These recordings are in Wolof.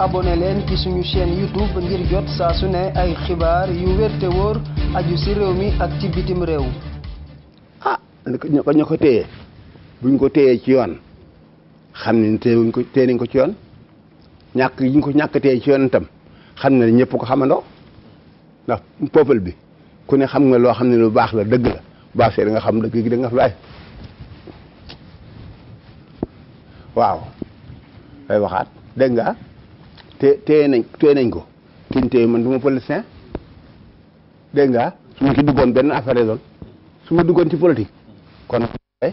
abone leen ci suñu chaîne YouTube ngir jot saa su ne ay xibaar yu wér wóor aju si réew mi ak ci bitim réew. ah ñu ko ñu téye buñ ko téyee ci yoon xam ne téyewuñ ko téye nañ ko ci yoon ñàkk yi ñu ko ñàkk téye ci yoon itam xam na ñëpp ko xamandoo ndax peuple bi ku ne xam nga loo xam ne lu baax la dëgg la baax see nga xam dëgg gi danga nga fa bàyyi waaw ay waxaat dëgg nga te te nañ téye nañ ko kiñ téye man du ma politicien dégg nga su duggoon benn affaire su ma duggoon ci politique kon eh?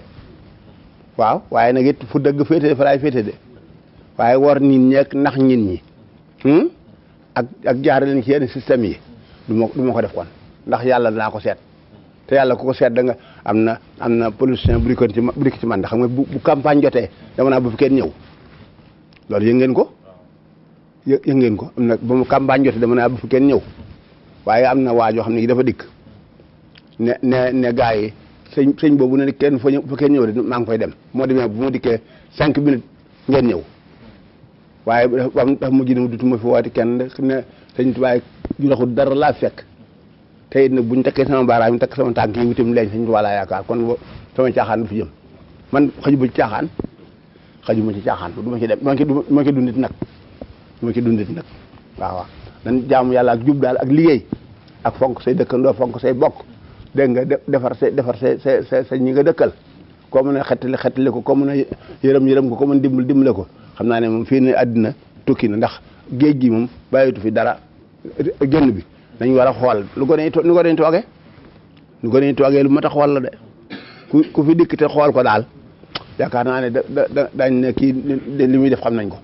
waaw waaye nag yit fu dëgg féete fa laay de waaye war nit ñi ak nax nit ñi hmm? ak ak jaare leen ci yenn système yi du ma du ko def kon ndax yàlla danaa ko seet te yàlla ku ko seet da nga am na am na politicien bu dikkoon ci bu dikk ci man ndax xam nga bu campagne jotee dama naa bu fi kenn ñëw loolu yëg ngeen ko yëg ngeen ko am na ba mu campagne jotee dama a ah, bu fi kenn ñëw waaye am na waajoo xam ne dafa dikk ne ne ne gars yi sëñ sëñ boobu ne kenn fa kenn ñëw de maa ngi fay dem moo demee bu ma dikkee cinq minutes ngeen ñëw waaye dafa mujj na mu dutuma fi waati kenn de ne sëñ tubaay ju raxul dara laa fekk te it nag buñ takkee sama baaraam yi takk sama tànk yi wutim leen sëñ tubaa laa yaakaar kon sama caaxaan du fi jëm man xaju ba ci caaxaan xaju ma ci caaxaan du ma ci dem du ma ci dundit nag moo ci dundit nag waaw waaw jaamu yàlla ak jub daal ak liggéey ak fonk say dëkkandoo fonk say bokk dégg nga defar say defar say say say sa ñi nga dëkkal koo mën a xettali xettali ko koo mën a yërëm yërëm ko koo mën dimbal dimbale ko xam naa ne moom fii ne àddina tukki na ndax géej gi moom bàyyitu fi dara génn bi dañ war xool lu ko dañ nu ko dañ toogee lu ko dañ toogee lu mat a xool la de ku fi dikk te xool ko daal yaakaar naa ne da dañ ne kii li muy def xam nañ ko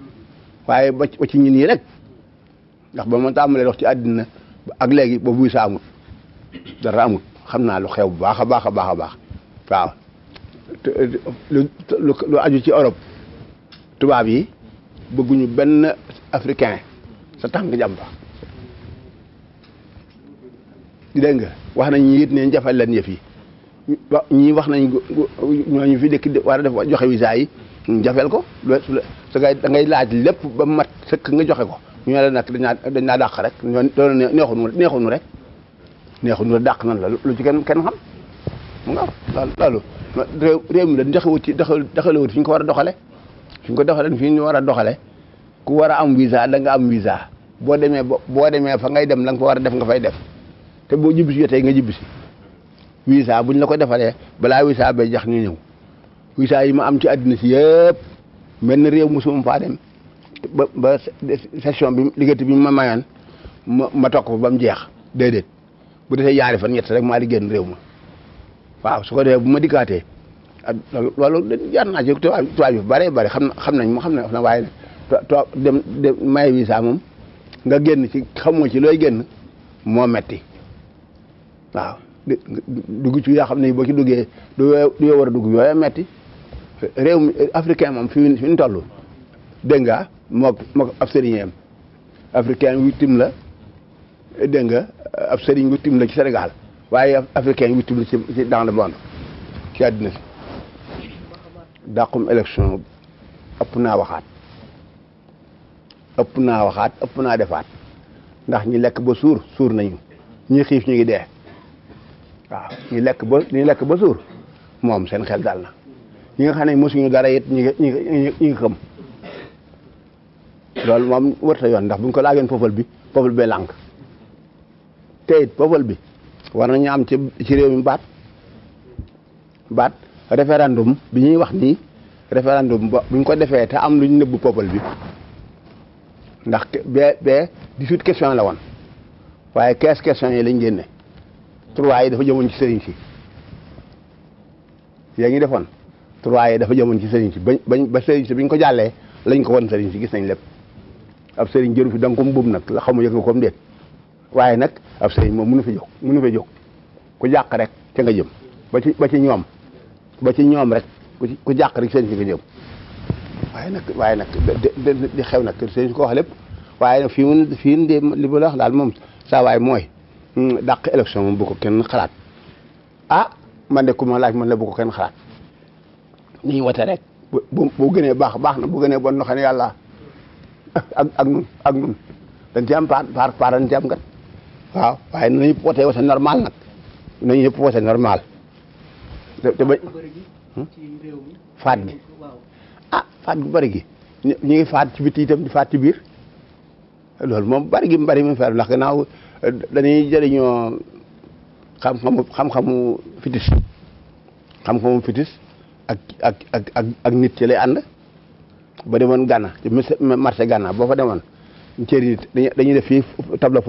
waaye ba ci ñun yi rek ndax ba ma tàmbalee dox ci àddina ak léegi ba buy sa amut dara amut xam naa lu xew bu baax a baax a baax a baax waaw lu aju ci Europe tubaab yi bëgguñu benn africain sa tànk jàmm ba dégg nga wax nañ ñi it ne jafal lan yëf yi ñii wax nañ ñooñu fi dëkk war a def joxe visa yi jafeel ko su ngay laaj lépp ba mat sëkk nga joxe ko ñu ne la dañ naa dañ naa dàq rek loolu neexunu neexunu rek neexunu rek dàq nan la lu ci kenn kenn xam mu nga loolu réew réew mi la doxewut ci doxalewut fi ñu ko war a doxale fi ko doxale fi ñu war a doxale ku war a am visa da nga am visa boo demee boo demee fa ngay dem la nga fa war a def nga fay def te boo jibbisi jotee nga jibbisi visa buñ la ko defalee balaa visa bay jax ñu ñëw visa yi ma am ci àddina si yëpp benn réew mosuma faa dem ba ba bi liggéey bi ma mayoon ma ma toog ko ba mu jeex déedéet bu defee yaari fan ñett rek maa di génn réew ma waaw su ko dee bu ma dikkaatee ak loolu jaar naa ci yu bare bare xam na xam nañ ma xam ne waaye to dem dem may visa moom nga génn ci xamoo ci looy génn moo metti waaw dugg ci yaa xam ne boo ci duggee du yoo war a dugg a metti réew mi eh, africain moom fi ñu tollu dégg nga mook moo ab sëriñeem africain wittim la dégg nga ab sëriñ wittim la ci Sénégal waaye africain wittim la ci dans le monde ci àddina si dàqum élection ëpp naa waxaat ëpp naa waxaat ëpp naa defaat ndax ñi lekk ba suur suur nañu ñi xiif ñu ngi dee waaw ñi lekk ba ñi lekk ba suur moom seen xel dal na ñi nga xam ne mosuñu dara it ñi nga ñi nga xam loolu moom warta yoon ndax buñ ko laajoon peuple bi peuple bi lànk te it peuple bi war nañu am ci ci réew mi baat baat référendum bi ñuy wax nii référendum ba buñ ko defee te am luñ nëbbu peuple bi ndax be bee dix-huit la woon waaye quinze questions yi lañ génne trois yi dafa jëmoon ci sëriñ si yaa ngi defoon waaye dafa jëmoon ci sëriñ si ba ba sëriñ si biñ ko jàllee lañ ko won sëriñ si gis nañ lépp ab sëriñ jëru fi da nga ko mu nag la xamu yëg nga ko mu waaye nag ab sëriñ moom mënu fi jog mënu fi jóg ku jàq rek ca nga jëm ba ci ba ci ñoom ba ci ñoom rek ku jàq rek sëriñ si nga jëm waaye nag waaye nag di xew nag sëriñ si ko wax lépp waaye nag fii mu fii mu de li ba wax daal moom sa waaye mooy hmm, dàq élection moom bu ko kenn xalaat ah man de ku ma laaj man la bu ko kenn xalaat nañu wote rek bu bu gënee baax baax na bu gënee bon loo xam ne yàlla ak ak nun ak nun dañ ci am par par par dañ waaw waaye nañu wote wote normal nag nañu yëpp wote normal te ba hmm? faat gi ah faat gu bëri ngi faat ci biti itam di faat loolu moom bëri gi mu bëri fer ndax gannaaw eh, dañuy jëriñoo xam-xamu xam fitis xam-xamu fitis ak ak ak nit ci lay ànd ba demoon gana ci marché Gànna boo fa demoon cëri nit dañuy def fii table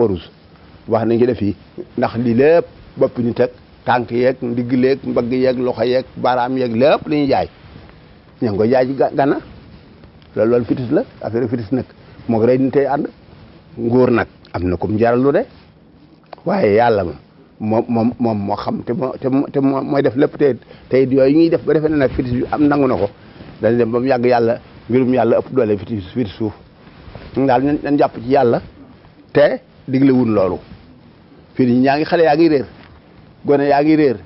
wax nañ ci def fii ndax lii lépp bopp nit teg tànk yeeg ndigg leeg mbagg yeeg loxo yeeg baaraam yeeg lépp la ñuy jaay ña ngi koy jaay ci Gànna loolu fitis la affaire fitis nag moo ko rey nit nag am na comme jaral lu de waaye moom moom moom moo xam te moo te mooy def lépp te tey yooyu ñuy def ba defee ne nag fitis bi am nangu na ko dañ dem ba mu yàgg yàlla mbirum yàlla ëpp doole fitis fitis suuf ñu daal dañ jàpp ci yàlla te digle wun loolu fii nii ñaa ngi xale yaa ngi réer gone yaa ngi réer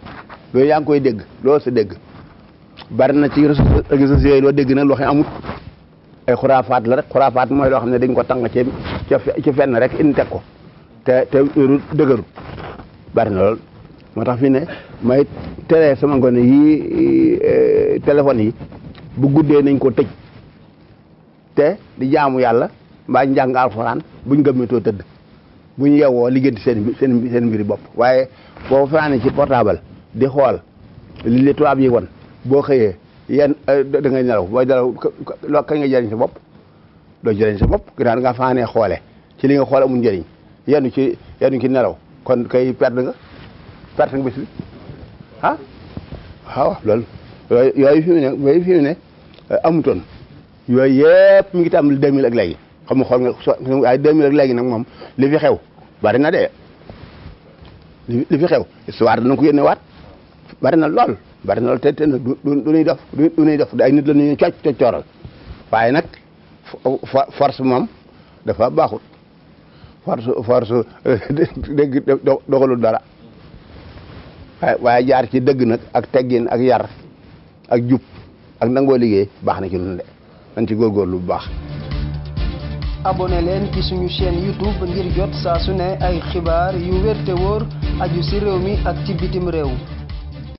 loolu yaa ngi koy dégg loolu sa dégg bari na ci réseaux sociaux yi loo dégg nag loo xam ne amut ay xuraafaat la rek xuraafaat mooy loo xam ne dañ ko tàng ci ci fenn rek indi teg ko te te dëgëru bari na lool moo tax fi ne may teree sama ngone yii e, téléphone yi bu guddee nañ ko tëj te di jaamu yàlla mbaa njàng alxuraan buñ gëmmetoo tëdd buñ yewwoo liggéenti seen seen seen mbiri bopp waaye boo fanaane ci portable di xool li li tubaab yi won boo xëyee yenn e, da ngay nelaw booy nelaw kañ nga jëriñ sa bopp doo jëriñ sa bopp ginnaaw nga fanaanee xoole ci li nga xool amul njëriñ yenn ci ci nelaw kon kay perte nga perte nga bés bi ah waaw loolu yooyu yooyu fi mu ne amutoon yooyu yëpp mi ngi tàmbali 2000 ak léegi xam nga xool nga ay 2000 léegi nag moom li fi xew bari na de li fi xew histoire dana ko yéene waat bari na lool bari na lool te te du du ñuy def du ñuy def ay nit la ñuy cocc cocc waaye nag force moom dafa baaxut. force force dégg doxalul dara waaye jaar ci dëgg nag ak teggin ak yar ak jub ak nangoo liggéey baax na ci lu de dañ ci góorgóorlu bu baax abonné leen ci suñu chaîne youtube ngir jot saa su ay xibaar yu wér te aju si réew mi ak ci bitim réew